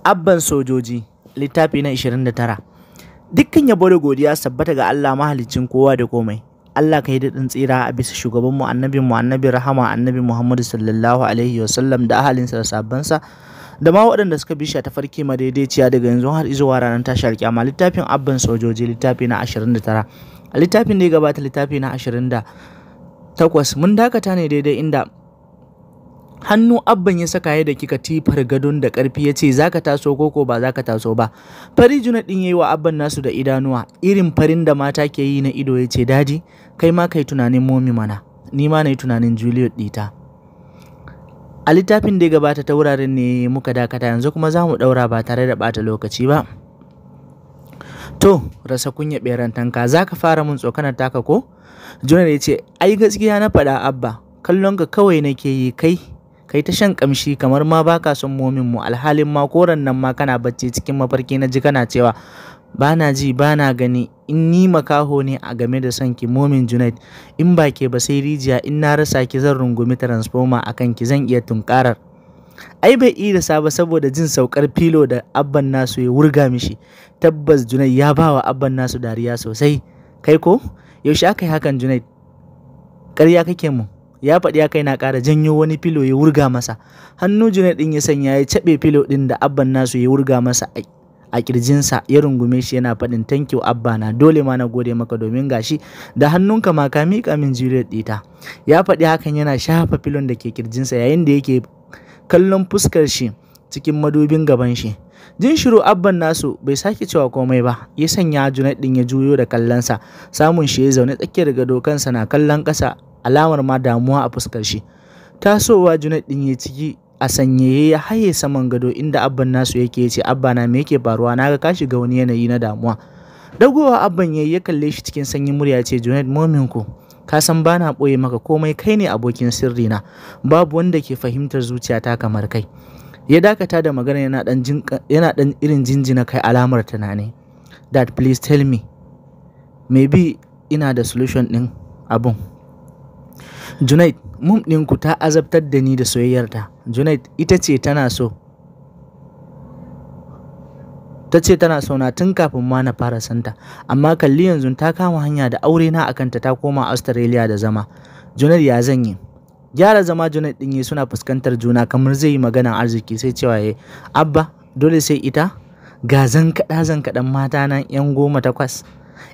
Abban Sojoji, littafi na 29. Dukkan yabo da godiya sabbata ga Allah mahaliccin kowa da komai. Allah ka yi daɗin tsira a bisa shugabanmu annabinmu annabi rahama annabi Muhammadu sallallahu alaihi wasallam da ahalinsa da sabbansa da ma waɗanda suka bisha ta farki daidaiciya daga yanzu har zuwa ranar tashar kyama littafin abban sojoji littafi na 29 a littafin da ya gabata littafi na 28 mun dakata ne daidai inda hannu abban ya saka ya da kika tifar gadon da ƙarfi ya ce za ka taso koko ba za ka taso ba fari juna ɗin ya yi wa abban nasu da idanuwa irin farin da mata ke yi na ido ya ce dadi kai ma kai tunanin momi mana ni ma na yi tunanin juliet ɗita a littafin da ya gabata ta wuraren ne muka dakata yanzu kuma za mu ɗaura ba tare da bata lokaci ba to rasa kunya beran tanka za ka fara mun tsokanar taka ko juna ya ce ai gaskiya na faɗa abba kallon ka kawai nake yi kai kai ta shan kamshi kamar ma baka son momin mu alhalin ma koran nan ma kana bacci cikin mafarki na ji kana cewa bana ji bana gani in ni makaho ne a game da son ki momin junaid in ba ke ba sai rijiya in na rasa ki zan rungumi transformer akan ki zan iya tunkarar ai bai yi da saba saboda jin saukar filo da abban nasu ya wurga mishi tabbas junaid ya ba wa abban nasu dariya sosai kai ko yaushe aka yi hakan junaid ƙarya kake mu ya faɗi haka yana ƙara janyo wani filo ya wurga masa hannu junaid ɗin ya sanya ya caɓe filo ɗin da abban nasu ya wurga masa a kirjinsa ya rungume shi yana faɗin thank you abba na dole ma na gode maka domin gashi da hannunka ma ka miƙa min juriyar ɗita ya faɗi hakan yana shafa filon da ke kirjinsa yayin da yake kallon fuskar shi cikin madubin gaban shi jin shiru abban nasu bai sake cewa komai ba ya sanya junaid ɗin ya juyo da kallonsa samun shi ya zaune tsakiyar gado kansa na kallon ƙasa alamar ma damuwa a fuskar shi tasowa junaid din ya ciki a sanyaye ya haye saman gado inda abban nasu yake ce abba na me yake faruwa naga ka shiga wani yanayi na damuwa dagowa abban yayi ya kalle shi cikin sanyin murya ce junaid momin ku ka san bana boye maka komai kai ne abokin sirri na babu wanda ke fahimtar zuciyata kamar kai ya dakata da magana yana dan yana dan irin jinjina kai alamar tunani dad please tell me maybe ina da solution din abun Junaid, mum ɗinku ta azabtar da ni da soyayyarta. Junaid, ita ce tana so. Ta ce tana so na tun kafin ma na fara santa, amma kalli yanzu ta kama hanya da aure na akan ta koma Australia da zama. Junaid ya zan yi. Gyara zama Junaid ɗin yi suna fuskantar juna kamar zai yi magana arziki sai cewa ya eh, Abba, dole sai ita? Ga zan kaɗa zan kaɗan mata nan 'yan goma takwas,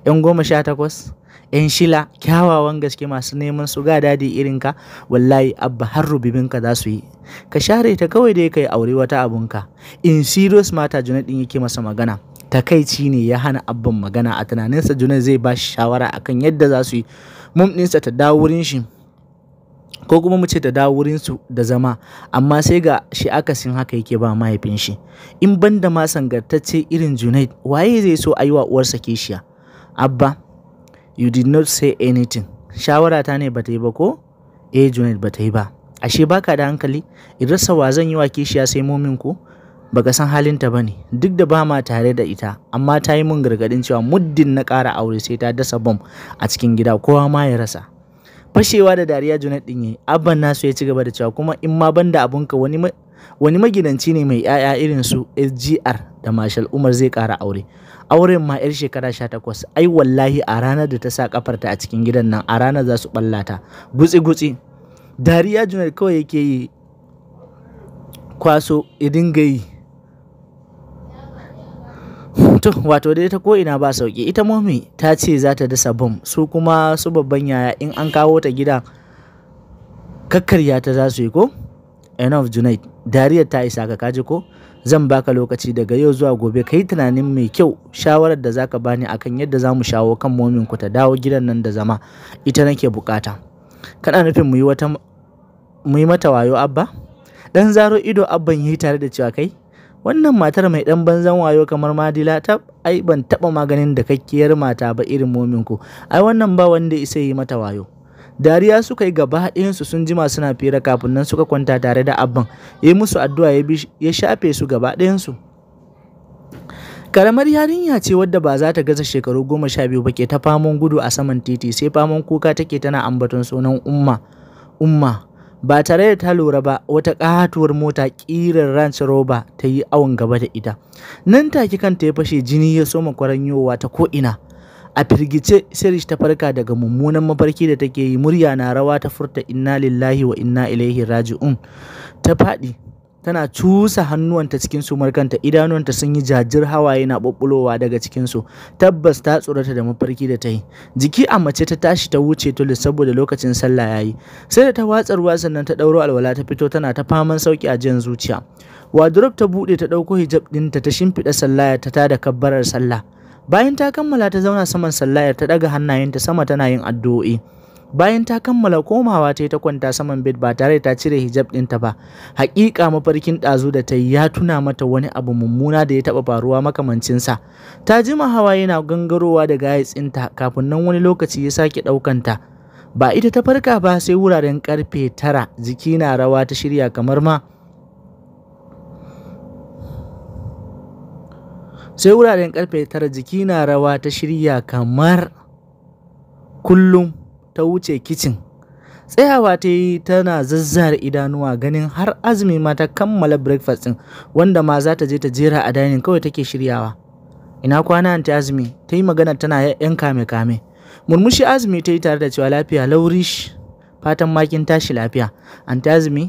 'yan goma sha takwas, 'yan shila kyawawan gaske masu neman su ga dadi ka. wallahi abba har rubibinka za su yi ka share ta kawai da dai kai aure wata abunka in serious mata junaid din yake masa magana takaici ne ya hana abban magana a tunaninsa junaid zai ba shi shawara akan yadda za su yi mum ɗinsa ta dawo wurin shi ko kuma mu ce ta dawo wurin su da zama amma sai ga shi akasin haka yake ba mahaifin shi in banda ma sangartacce irin junaid waye zai so a yi wa uwarsa kishiya abba you did not say anything shawara ta ne bata yi ba ko eh junaid bata yi ba ashe baka da hankali idan wa zan yi wa kishiya sai momin ku baka san halinta ba ne duk da ba ma tare da ita amma ta yi min gargadin cewa muddin na ƙara aure sai ta dasa bom a cikin gida kowa ma ya rasa fashewa da dariya junaid din yi, abban nasu ya ci gaba da cewa kuma in ma banda abunka wani wani magidanci ne mai 'ya'ya irin su SGR da Marshal Umar zai ƙara aure. Auren ma 'yar shekara 18 ai wallahi a ranar da ta sa kafarta a cikin gidan nan a ranar za su ballata gutsi-gutsi. Dariya Junar kawai yake yi kwaso idin gayi. To wato dai ta ko'ina ba sauki ita momi ta ce za ta dasa bom su kuma su babban yaya in an kawo ta gida kakkarya ta za su yi ko? Enough Junaid. dariyar ta isa ka kaji ko zan baka lokaci daga yau zuwa gobe ka yi tunanin mai kyau shawarar da zaka bani akan yadda za mu shawo kan momin ku ta dawo gidan nan da zama ita nake bukata kana nufin mu yi wata mu yi mata wayo abba dan zaro ido abban yi tare da cewa kai wannan matar mai dan banzan wayo kamar madila ta ai ban taba maganin da kakkiyar mata ba irin momin ku ai wannan ba wanda isa yi mata wayo dariya suka yi gaba su sun jima suna fira kafin nan suka kwanta tare da abban ya musu addu'a ya shafe su gaba su. karamar yarinya ce wadda ba za ta gaza shekaru goma sha biyu ba ke ta faman gudu a saman titi sai faman kuka take tana ambaton sunan umma umma ba tare da ta lura ba wata katuwar mota ƙirar ranch roba ta yi awon gaba da ita nan take kanta ya fashe jini ya soma kwaranyowa ta ko'ina a firgice sirish ta farka daga mummunan mafarki da take yi murya na rawa ta furta inna lillahi wa inna ilaihi raji'un ta faɗi tana cusa hannuwanta cikin su markanta idanuwanta sun yi jajir hawaye na ɓaɓɓulowa daga cikinsu tabbas ta tsorata da mafarki da ta yi jiki a mace ta tashi ta wuce tuli saboda lokacin sallah ya yi sai da ta watsa ruwa sannan ta ɗauro alwala ta fito tana ta faman sauki a jiyan zuciya wardrobe ta buɗe ta ɗauko hijab ɗinta ta shimfiɗa sallaya ta tada kabbarar sallah bayan ta kammala ta zauna saman sallayar ta daga ta sama tana yin addu'o'i bayan ta kammala komawa ta yi ta kwanta saman bed ba tare ta cire hijab ta ba haƙiƙa mafarkin ɗazu da ta ya tuna mata wani abu mummuna da ya taɓa faruwa makamancinsa ta jima hawa yana gangarowa daga yatsinta kafin nan wani lokaci ya sake ɗaukanta ba ita ta farka ba sai wuraren ƙarfe tara jiki na rawa ta shirya kamar ma sai wuraren karfe tara jiki na rawa ta shirya kamar kullum ta wuce kicin tsayawa ta yi tana zazzar idanuwa ganin har azumi ma ta kammala breakfast din wanda ma za ta je ta jera a dining kawai take shiryawa ina kwana ta azumi ta yi magana tana yan kame kame murmushi azumi ta yi tare da cewa lafiya laurish fatan makin tashi lafiya an ta azumi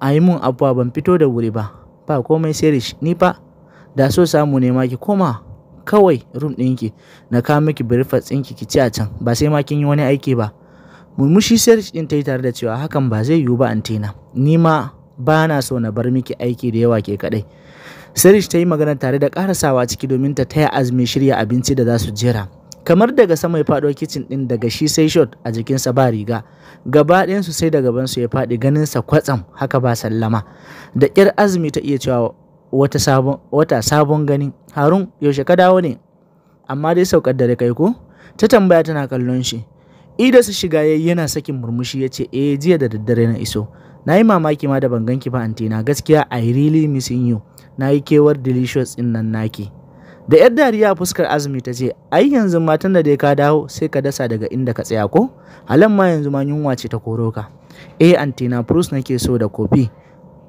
a yi mun abuwa ban fito da wuri ba ba komai sai ni fa da so samu ne ki koma kawai room ɗinki na kawo miki breakfast ɗinki ki ci a can ba sai ma kin yi wani aiki ba murmushi search ɗin ta yi tare da cewa hakan ba zai yiwu ba antina ni ma ba na so na bar miki aiki da yawa ke kaɗai Sirish ta yi magana tare da karasawa ciki domin ta taya azumi shirya abinci da za su jera kamar daga sama ya faɗo kicin ɗin daga shi sai shot a jikinsa ba riga gaba ɗayansu sai da gabansu ya faɗi ganinsa kwatsam haka ba sallama da ƙyar azumi ta iya cewa wata sabon wata sabon gani harun yaushe ka dawo ne amma dai saukar dare kai ko ta tambaya tana kallon shi ida su shiga yayi yana sakin murmushi ya ce eh jiya da daddare na iso na yi mamaki ma da ban ganki ba na gaskiya i really missing you na yi kewar delicious din nan naki da yar dariya fuskar azumi ta ce ai yanzu matan da dai ka dawo sai ka dasa daga inda ka tsaya ko halan ma yanzu ma yunwa ce ta koro ka eh antina na nake so da kofi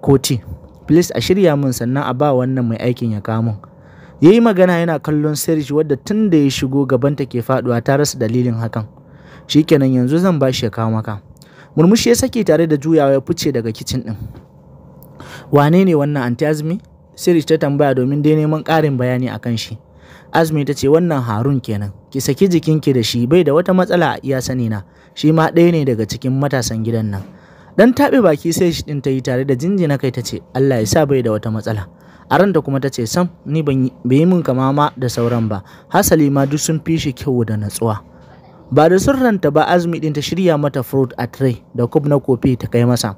ko ti please a shirya min sannan a ba wannan mai aikin ya kamo. ya yi magana yana kallon serge wadda tun da ya shigo gaban ta ke faduwa ta rasa dalilin hakan shikenan yanzu zan ba shi ya kawo maka murmushi ya sake tare da juyawa ya fice daga kicin din wane ne wannan anti azumi serge ta tambaya domin dai neman ƙarin bayani a kan shi azumi ta ce wannan harun kenan ki saki jikinki da shi bai da wata matsala a iya na. shi ma ɗaya ne daga cikin matasan gidan nan Dan taɓe baki sai shi ɗin ta yi tare da jinjina kai ta ce Allah ya sa bai da wata matsala. A ranta kuma ta ce sam ni ban yi min kama ma da sauran ba, hasali ma duk sun fi shi kyau da natsuwa. Ba da surranta ba azumi ɗin ta shirya mata fruit a tray da kub na kofi ta kai masa.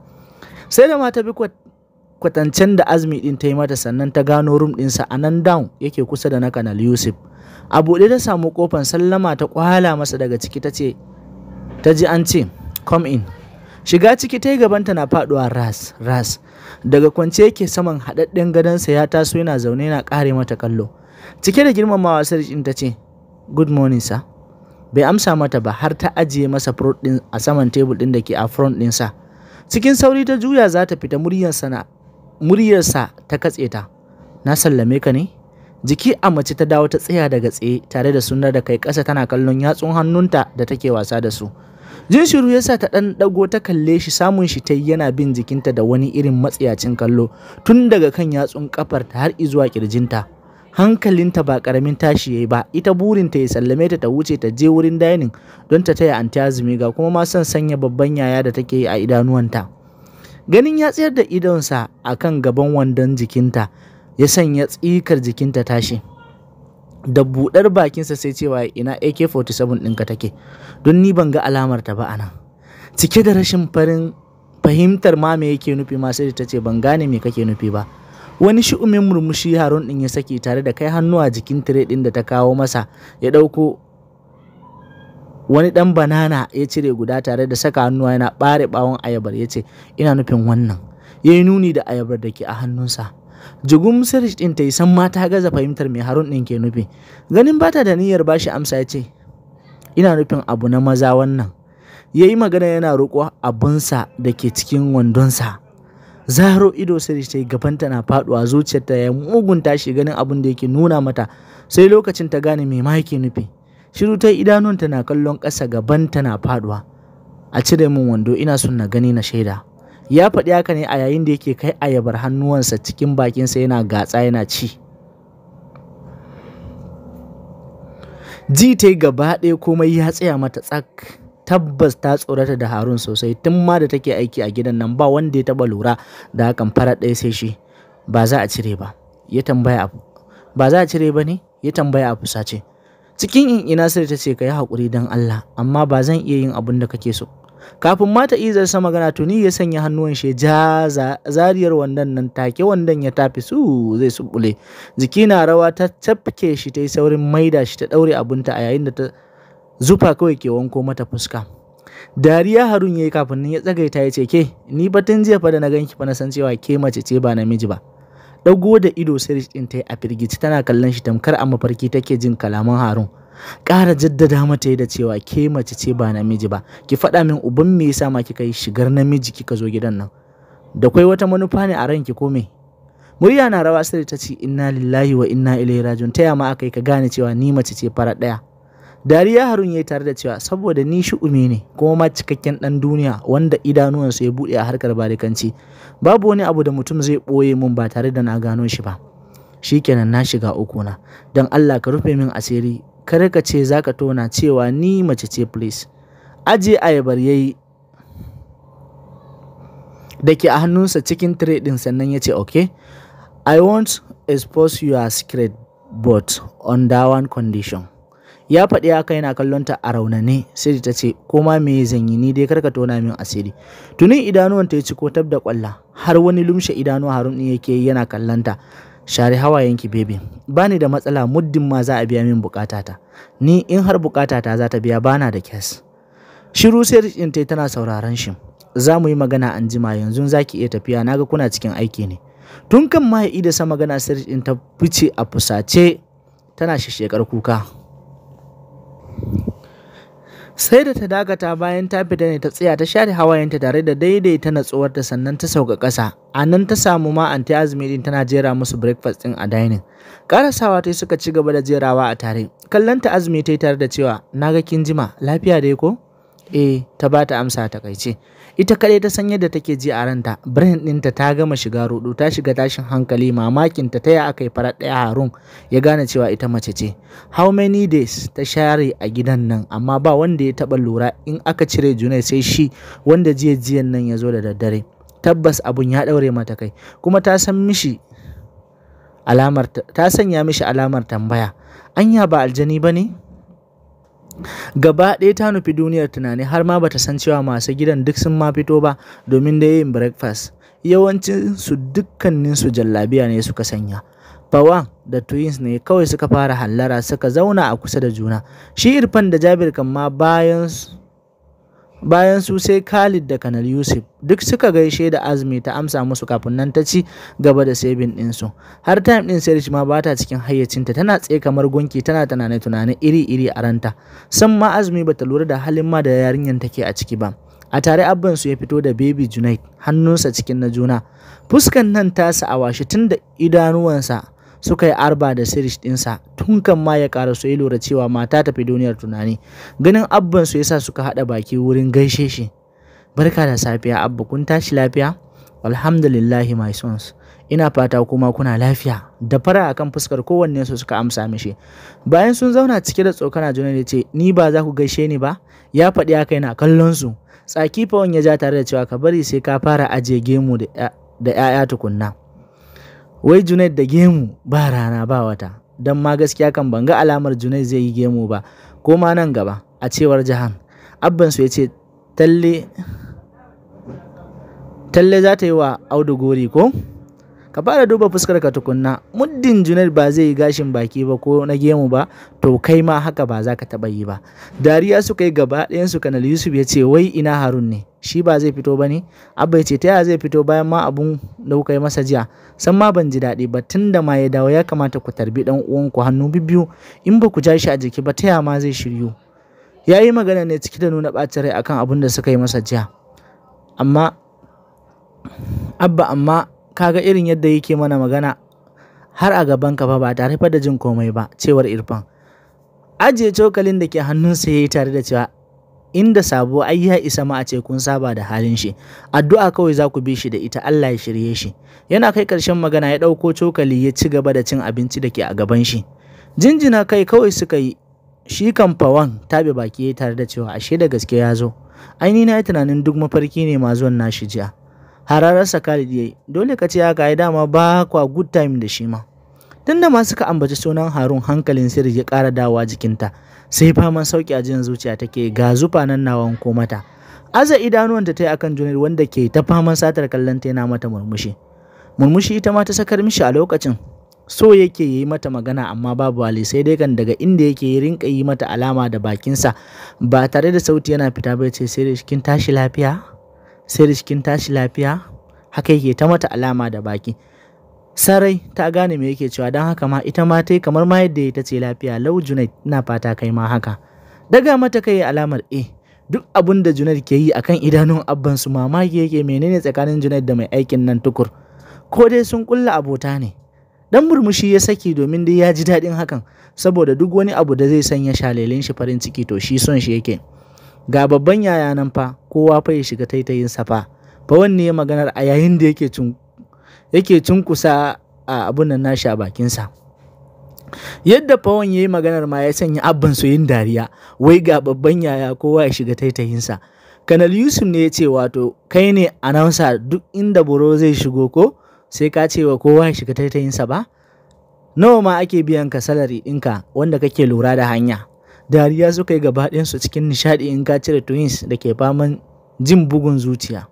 Sai da ma ta bi kwatancen da azumi ɗin ta yi mata sannan ta gano room ɗinsa a nan down yake kusa da na kanal Yusuf. a buɗe ta samu kofan sallama ta kwala masa daga ciki ta ce ta ji an ce come in shiga ciki ta yi gabanta na faduwa ras ras daga kwance yake saman haɗaɗɗen sa, ya taso yana zaune yana ƙare mata kallo cike da girmamawa sarkin ta ce good morning sir bai amsa mata ba har ta ajiye masa fruit din a saman tebul din da ke a front sa cikin sauri ta juya za ta fita muryarsa na muryarsa ta katse ta na sallame ka ne jiki a mace ta dawo ta tsaya daga tsaye tare da sunar da kai ƙasa tana kallon yatsun hannunta da take wasa da su Jin shiru ya sa ta ɗan ɗago ta kalle shi samun shi ta yana bin jikinta da wani irin matsiyacin kallo tun daga kan yatsun ta har izuwa ƙirjinta. Hankalinta ba karamin tashi ya yi ba, ita burinta ya sallame ta ta wuce ta je wurin dining don ta taya azumi ga kuma ma son sanya babban yaya da take yi a idanuwanta. Ganin ya tsayar da idonsa a kan gaban wandon jikinta, ya sanya tsikar jikinta tashi. da buɗar bakinsa sai cewa ina AK47 ɗinka take don ni ban ga alamar ta ba anan cike da rashin farin fahimtar ma me yake nufi ma sai ta ce ban gane me kake nufi ba wani shi'umin murmushi harun ɗin ya saki tare da kai hannu jikin tire din da ta kawo masa ya ɗauko wani ɗan banana ya cire guda tare da saka hannuwa yana ɓare bawon ayabar yace ina nufin wannan ya yi nuni da ayabar dake a hannunsa jigum sirish ɗin ta yi san mata ta gaza fahimtar mai harun ɗin ke nufi ganin bata da niyyar bashi amsa ya ce ina nufin abu na maza wannan ya yi magana yana roƙo abunsa da ke cikin wandonsa zaro ido sirish ta yi gabanta na faɗuwa zuciyarta ya mugun tashi ganin abin da yake nuna mata sai lokacin ta gane mai ma yake nufi shiru ta idanunta na kallon ƙasa gabanta na faɗuwa a cire min wando ina son na gani na shaida ya faɗi haka ne a yayin da yake kai ayabar hannuwansa cikin bakinsa yana gatsa yana ci ji ta yi gaba ɗaya komai ya tsaya mata tsak tabbas ta tsorata da harun sosai tun ma da take aiki a gidan nan ba wanda ya taɓa lura da hakan fara ɗaya sai shi ba za a cire ba ya tambaya ba za a cire ba ne ya tambaya abu fusace cikin in ina sai ta ce ka yi haƙuri don allah amma ba zan iya yin abin da kake so kafin ma ta izarsa magana tuni ya sanya hannuwan shi ja zariyar wandan nan take wandan ya tafi su zai subule jiki na rawa ta tafke shi ta yi saurin maida shi ta ɗaure abinta a yayin da ta zufa kawai ke wanko mata fuska dariya harun ya yi kafin ya tsagaita ya ce ke ni batun jiya fa da na ganki fa na san cewa ke mace ce ba namiji ba ɗago da ido sirish ɗin ta yi a firgici tana kallon shi tamkar a mafarki take jin kalaman harun ƙara jaddada mata da cewa ke mace ce ba namiji ba ki faɗa min uban me yasa ma kika yi shigar namiji kika zo gidan nan da kwai wata manufa ne a ranki ko me murya na rawa sai ta ce inna lillahi wa inna ilaihi rajiun taya ma akai ka gane cewa ni mace ce fara ɗaya dariya harun ya tare da cewa saboda ni shi ume ne kuma ma cikakken ɗan duniya wanda idanuwansu ya buɗe a harkar barikanci babu wani abu da mutum zai ɓoye mun ba tare da na gano shi ba shikenan na shiga uku na don allah ka rufe min asiri kar ka ce za ka tona cewa ni mace ce please aje ayabar ya yi da ke a hannunsa cikin trade ɗin sannan ya ce ok i won't expose your secret but on that one condition ya faɗi haka yana kallon ta a raunane sai ta ce koma me zan yi ni dai kar ka tona min asiri Tunin idanuwanta ya ci ko tab da kwalla har wani lumshe idanu harun din yake yana kallon share hawayenki bebe bani da matsala muddin ma za a biya min bukatata ni in har bukatata za ta biya bana da kes shiru sai rikin tai tana sauraron shi za mu yi magana an jima yanzu za ki iya tafiya naga kuna cikin aiki ne tun kan ma ya ida sa magana sai rikin ta fice a fusace tana shishekar kuka sai da ta dagata bayan ta fita ne ta tsaya ta share hawayenta tare da daidaita natsuwarta sannan ta sauka ƙasa a nan ta samu ma anti azumi din tana jera musu breakfast din a dining karasawa ta suka ci gaba da jerawa a tare kallon ta azumi ta tare da cewa naga kin jima lafiya dai ko eh ta ba ta amsa ta kaice ita kaɗai ta san yadda take ji a ranta brain ɗinta ta gama shiga rudu ta shiga tashin hankali mamakin ta taya aka yi farar ɗaya harun ya gane cewa ita mace ce how many days ta share a gidan nan amma ba wanda ya taɓa lura in aka cire junai sai shi wanda jiya jiyan nan ya zo da daddare tabbas abun ya ɗaure mata kai kuma ta san mishi alamar ta sanya mishi alamar tambaya anya ba aljani ba ne gaba ɗaya ta nufi duniyar tunani har ma bata san cewa masu gidan duk sun ma fito ba domin da yin breakfast yawancinsu dukkaninsu jallabiya ne suka sanya Pawan da Twins ne kawai suka fara hallara suka zauna a kusa da juna. Shi Irfan da Jabir kan ma bayan Bayan su sai Khalid da Kanal Yusuf duk suka gaishe da Azumi ta amsa musu kafin nan ta ci gaba da sabin su. Har time ɗin Serge ma bata cikin hayyacinta tana tsaye kamar gunki tana tunane tunane iri-iri a ranta. San ma Azumi bata lura da halin ma da yarinyar take a ciki ba. a tare abban su ya fito da baby junaid hannunsa cikin na juna fuskan nan tasa a washe tun da idanuwansa suka yi arba da sirish ɗinsa tun kan ma ya ƙara ya lura cewa mata tafi duniyar tunani ganin abban su yasa suka haɗa baki wurin gaishe shi barka da safiya abba kun tashi lafiya alhamdulillahi my sons ina fata kuma kuna lafiya da fara akan fuskar kowanne su suka amsa mishi bayan sun zauna cike da tsokana juna ya ce ni ba za ku gaishe ni ba ya faɗi haka yana kallon su tsaki fawon ya ja tare da cewa ka bari sai ka fara ajiye gemu da 'ya'ya tukunna wai junaid da gemu ba rana ba wata don ma gaskiya kan ban ga alamar junaid zai yi gemu ba ko ma nan gaba a cewar jahan abbansu ya ce talle za ta yi wa audu gori ko ka fara duba fuskar ka tukunna muddin Junaid ba zai yi gashin baki ba ko na gemu ba to kai ma haka ba za ka taɓa yi ba dariya suka yi gaba ɗayan su kanal Yusuf ya ce wai ina Harun ne shi ba zai fito ba ne abba ya ce ta yaya zai fito bayan ma abun da kuka yi masa jiya san ma ban ji daɗi ba tun da ma ya dawo ya kamata ku tarbi ɗan uwanku hannu biyu-biyu. in ba ku ja shi a jiki ba ta yaya ma zai shiryu ya yi magana ne ciki da nuna ɓacin rai akan abun da suka yi masa jiya amma abba amma kaga irin yadda yake mana magana har a gaban ka fa ba tare fa da jin komai ba cewar Irfan ajiye cokalin da ke hannunsa yayi tare da cewa inda sabo ai ya isa ma a ce kun saba da halin shi addu'a kawai za ku bi shi da ita Allah ya shirye shi yana kai ƙarshen magana ya ɗauko cokali ya ci gaba da cin abinci da ke a gaban shi jinjina kai kawai suka yi shi kan fawan tabe baki ya tare da cewa ashe da gaske ya zo aini na yi tunanin duk mafarki ne ma zuwan nashi jiya harararsa Khalid ya dole ka ce haka ai dama ba kwa good time da shi ma. Tunda da ma suka ambaci sunan Harun hankalin sirri ya ƙara dawa jikinta, sai faman sauki a jin zuciya take ga zufa nan nawa ko mata. Aza idanuwanta ta yi akan Junaid wanda ke ta faman satar kallon ta yana mata murmushi. Murmushi ita ma ta sakar mishi a lokacin. So yake yi mata magana amma babu wali sai dai kan daga inda yake rinka yi mata alama da bakinsa ba tare da sauti yana fita ba ce sai da kin tashi lafiya. sai da cikin tashi lafiya haka yake ta mata alama da baki sarai ta gane me yake cewa don haka ma ita ma ta yi kamar ma yadda ita ce lafiya lau junaid ina fata kai ma haka daga mata kai alamar e duk abin da junaid ke yi akan idanun abban su mamaki yake menene tsakanin junaid da mai aikin nan tukur ko dai sun kulla abota ne dan murmushi ya saki domin dai ya ji daɗin hakan saboda duk wani abu da zai sanya shalelin shi farin ciki to shi son shi yake ga babban yaya nan fa kowa fa ya shiga taitayinsa fa fa wanne ya maganar a yayin da yake cin yake cunkusa a abun nan nashi a bakinsa yadda fa ya yi maganar ma ya sanya abban su yin dariya wai ga babban yaya kowa ya shiga taitayinsa kanal yusuf ne ya ce wato kai ne anansa duk inda buro zai shigo ko sai ka ce wa kowa ya shiga taitayinsa ba nawa ma ake biyan ka salari ɗinka wanda kake lura da hanya dariya suka yi gaba su cikin nishaɗi in ka cire twins da ke faman jin bugun zuciya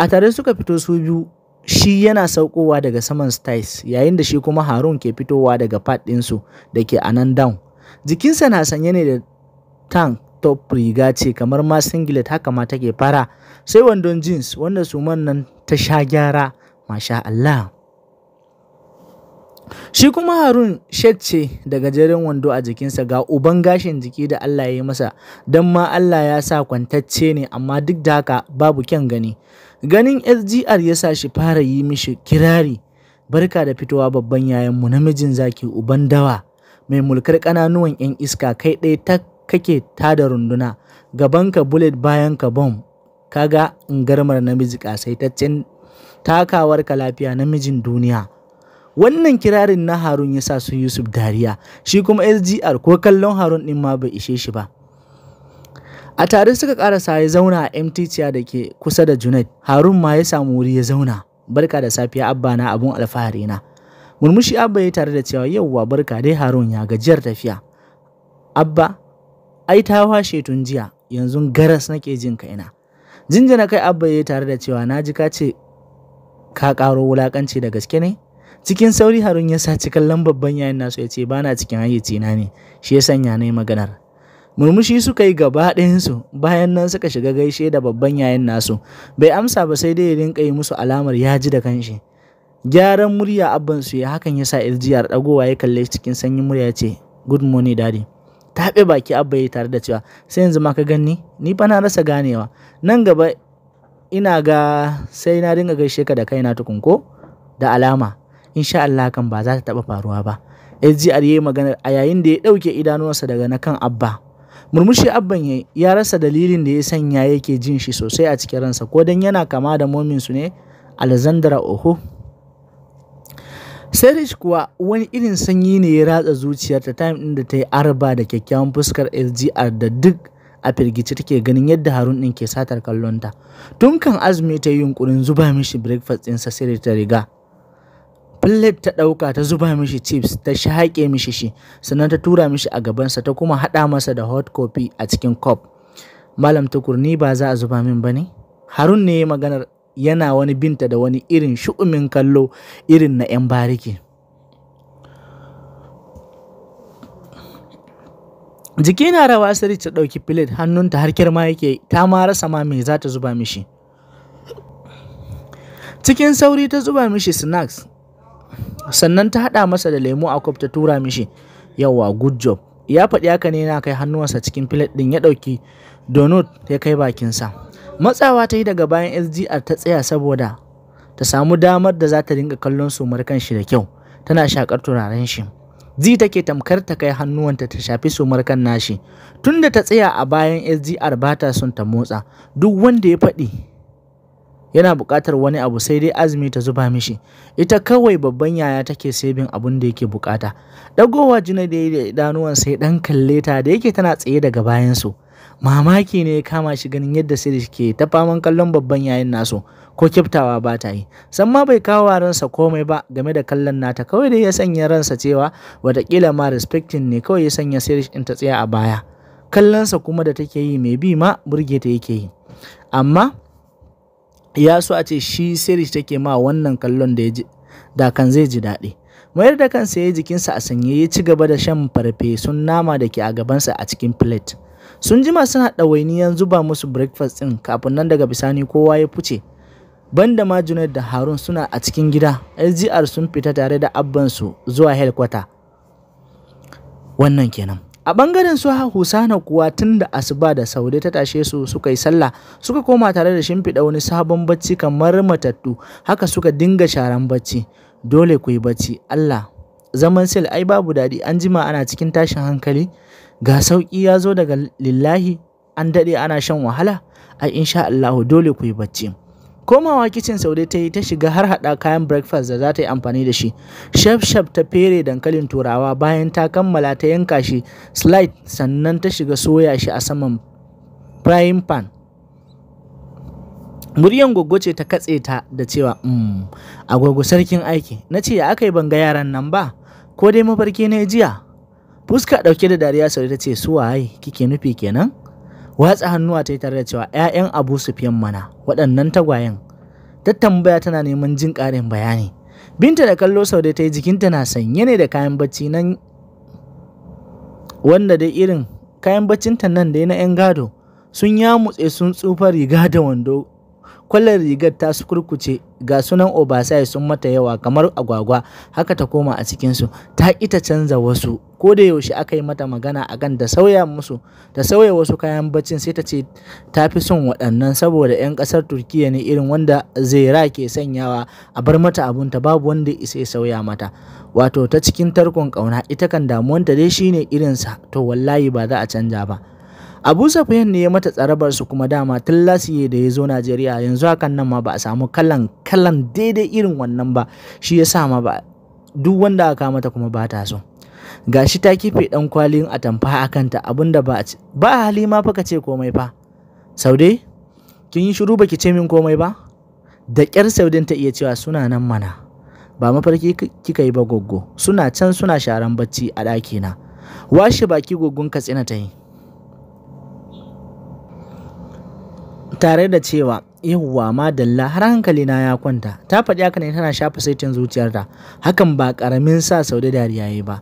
a tare suka fito su biyu shi yana saukowa daga saman styles yayin da shi kuma harun ke fitowa daga pad ɗinsu da ke anan down jikinsa na sanye ne da tank top riga ce kamar ma singlet haka ma take fara sai wandon jeans wanda suman nan ta sha gyara masha Allah Shi kuma Harun Sheikh ce da gajeren wando a jikinsa ga uban gashin jiki da Allah ya yi masa, don ma Allah ya sa kwantacce ne amma duk da haka babu kyan gani. Ganin SGR ya sa shi fara yi mishi kirari, barka da fitowa babban yayanmu namijin zaki uban dawa, mai mulkar ƙananuwan 'yan iska kai ɗaya ta kake tada runduna, gabanka bullet bayan ka bom, kaga garmar namiji ƙasaitaccen takawarka lafiya namijin duniya. wannan kirarin na harun ya sa su yusuf dariya shi kuma sgr ko kallon harun ɗin ma bai ishe shi ba a tare suka karasa ya zauna a mtciya da ke kusa da junaid harun ma ya samu wuri ya zauna barka da safiya abba na abun alfahari na murmushi abba ya tare da cewa yauwa barka dai harun ya gajiyar tafiya abba ai ta washe tun jiya yanzu garas nake jin ka ina jinjina kai abba ya tare da cewa na ji ka ce ka karo wulakanci da gaske ne cikin sauri harun ya saci kallon babban yayin nasu ya ce bana cikin hayyaci na ne shi ya sanya na yi maganar murmushi suka yi gaba ɗayansu bayan nan suka shiga gaishe da babban yayin nasu bai amsa ba sai dai ya rinka yi musu alamar ya ji da kanshi gyaran murya abban su ya hakan ya sa iljiyar dagowa ya kalle cikin sanyin murya ya ce good morning daddy taɓe baki abba ya tare da cewa sai yanzu ma ka ganni ni fa na rasa ganewa nan gaba ina ga sai na dinga gaishe ka da kaina tukun ko da alama insha Allah kan ba za ta taɓa faruwa ba SGR ya yi maganar a yayin da ya ɗauke idanuwarsa daga na kan Abba murmushi Abban ya ya rasa dalilin da ya sanya yake jin shi sosai a cikin ransa ko dan yana kama da momin su ne Alexandra Oho Serish kuwa wani irin sanyi ne ya ratsa zuciyarta time ɗin da ta yi arba da kyakkyawan fuskar SGR da duk a firgici take ganin yadda Harun ɗin ke satar kallonta. Tun kan azumi ta yi yunkurin zuba mishi breakfast ɗinsa sai ta riga plate ta ɗauka ta zuba mishi chips ta shaƙe mishi shi sannan ta tura mishi a gabansa ta kuma haɗa masa da hot coffee a cikin cup malam tukur ni ba za a zuba min ba ne harun ne maganar yana wani binta da wani irin shu'umin kallo irin na 'yan bariki jiki na rawa sari ta ɗauki plate hannunta har ma yake ta ma rasa ma me za ta zuba mishi cikin sauri ta zuba mishi snacks sannan ta haɗa masa da lemu a kwafta tura mishi yawa good job ya faɗi haka ne yana kai hannuwansa cikin filet ɗin ya ɗauki donut ya kai bakinsa matsawa ta yi daga bayan sdr ta tsaya saboda ta samu damar da za ta dinga kallon sumar kanshi da kyau tana shakar turaren shi ji take tamkar ta kai hannuwanta ta shafi sumar kan nashi tunda ta tsaya a bayan sdr ba ta son ta motsa duk wanda ya faɗi yana buƙatar wani abu sai dai azumi ta zuba mishi ita kawai babban yaya take sabin abun da yake bukata dagowa jina da da idanuwan sai dan kalle ta da yake tana tsaye daga bayan su mamaki ne ya kama shi ganin yadda sai da ke ta faman kallon babban yayin nasu ko kyaftawa ba ta yi Samma bai kawo ransa komai ba game da kallon nata kawai dai ya sanya ransa cewa watakila ma respecting ne kawai ya sanya sai ta tsaya a baya kallonsa kuma da take yi mai bi ma burge ta yake yi amma ya so a ce shi sirri take ma wannan kallon da ya ji da kan zai ji daɗi mayar da kansa ya jikinsa a sanye ya ci gaba da shan farfesun nama da ke a gabansa a cikin plate sun jima suna ɗawainiyan zuba musu breakfast ɗin kafin nan daga bisani kowa ya fice banda ma da harun suna a cikin gida lgr sun fita tare da abban su zuwa helkwata wannan kenan a ɓangaren su husana kuwa tun da asuba da saude ta tashe su suka yi sallah suka koma tare da shimfiɗa wani sabon bacci kamar matattu haka suka dinga sharan bacci dole ku yi bacci allah zaman sil ai babu daɗi an jima ana cikin tashin hankali ga sauƙi ya zo daga lillahi an daɗe ana shan wahala ai insha allahu dole ku yi bacci komawa kicin saude ta yi ta shiga har hada kayan breakfast da za ta yi amfani da shi shaf shaf ta fere dankalin turawa bayan ta kammala ta yanka shi slide sannan ta shiga soya shi a saman frying pan muryan goggo ce ta katse ta da cewa mm, agogo sarkin aiki na ce ya aka yi banga yaran nan ba ko dai mafarki ne jiya fuska ɗauke da dariya sauri ta ce su waye kike nufi kenan watsa hannuwa ta yi tare da cewa 'ya'yan abu sufiyan mana waɗannan tagwayen ta tambaya tana neman jin ƙarin bayani binta da kallo sau da ta yi jikinta na sanye ne da kayan bacci nan wanda dai irin kayan baccinta nan dai na 'yan gado sun yamutse sun tsufa riga da wando Kwallon rigar ta kurkuce ga sunan Obasai sun mata yawa kamar agwagwa haka ta koma a cikinsu ta ita canza wasu ko da yaushe aka yi mata magana akan da sauya musu da sauya wasu kayan baccin sai ta ce ta fi son waɗannan saboda 'yan ƙasar turkiya ne irin wanda zaira ke sanyawa a bar mata abunta babu wanda isa ya sauya mata wato ta cikin tarkon ƙauna ita kan damuwanta dai shine irinsa to wallahi ba za a canja ba abu safiyan ne ya mata tsarabar su kuma dama tun lasiye da ya zo najeriya yanzu hakan nan ma ba a samu kalan kalan daidai irin wannan ba shi ya sa ma ba duk wanda aka mata kuma ba ta so gashi ta kife dan kwalin atamfa a kanta abinda ba ba hali ma fa ce komai fa saude kin yi shiru baki ce min komai ba da ƙyar saudin ta iya cewa suna nan mana ba mafarki kika yi ba goggo suna can suna sharan bacci a ɗakina washe baki goggon katsina ta yi tare da cewa yawwa madalla har hankali na ya kwanta ta faɗi haka ne tana shafa saitin zuciyarta hakan ba ƙaramin sa saude dariya yi ba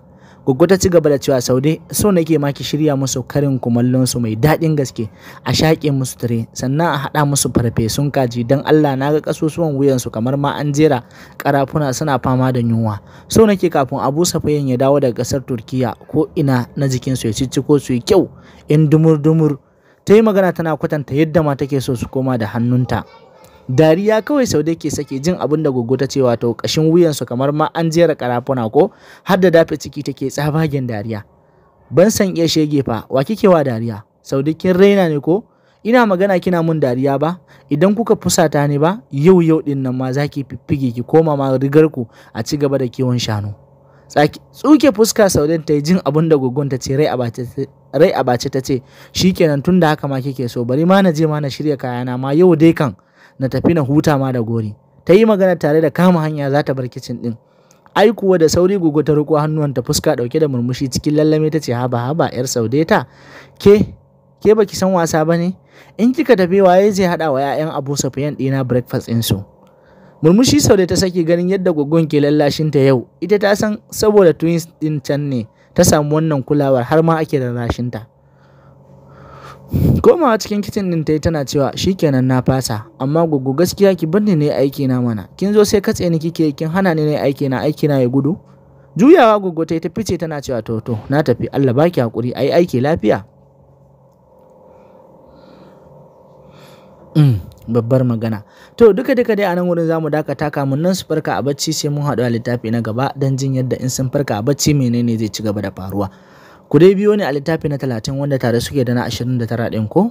Goggo ta ci gaba da cewa saude so nake ma ki shirya musu karin kumallon su mai daɗin gaske a shaƙe musu tire sannan a haɗa musu farfesun kaji don Allah na ga ƙasusuwan wuyan su kamar ma an jera ƙarafuna suna fama da yunwa so nake kafin Abu Safiyan ya dawo daga ƙasar Turkiya ko ina na jikinsu su ya cicciko su yi kyau in dumur dumur ta yi magana tana kwatanta yadda ma take so su koma da hannunta dariya kawai sau da ke sake jin abin da gogo ta ce wato kashin wuyansu kamar ma an jera karafuna ko har da dafe ciki take tsabagen dariya ban san iya shege fa wa kike wa dariya sau kin raina ne ko ina magana kina mun dariya ba idan kuka fusata ne ba yau yau din nan ma zaki fiffige ki koma ma rigar ku a ci gaba da kiwon shanu tsuke fuska saudan ta yi jin abun da gugun ta ce rai a bace ta ce shi kenan tun da haka ma kike so bari ma na je ma na shirya kayana ma yau dai kan na tafi na huta ma da gori ta yi magana tare da kama hanya za ta bar kicin din ai kuwa da sauri gugu ta riko hannuwanta fuska ɗauke da murmushi cikin lallame ta ce haba haba yar saudeta ke ke baki san wasa ba ne? in kika tafi waye zai hada wa 'ya'yan abu safiyan dina breakfast din su murmushi sau da ta saki ganin yadda gwaggon ke lallashin ta yau ita ta san saboda twins din can ne ta samu wannan kulawar har ma ake ta. komawa cikin kicin din ta yi tana cewa kenan na fasa amma gugu gaskiya ki bar ni yi aiki na mana kin zo sai katse ni kike kin hana ni yi aiki na aiki na ya gudu juyawa gugu ta yi ta fice tana cewa to to, na tafi Allah baki hakuri ai aiki lafiya hmm. babbar magana to duka duka dai a nan wurin zamu dakata kamun nan su farka a bacci sai mun haɗu a littafi na gaba don jin yadda in sun farka a bacci menene zai ci gaba da faruwa ku dai biyo ne a littafi na 30 wanda tare suke da na 29 ɗin ko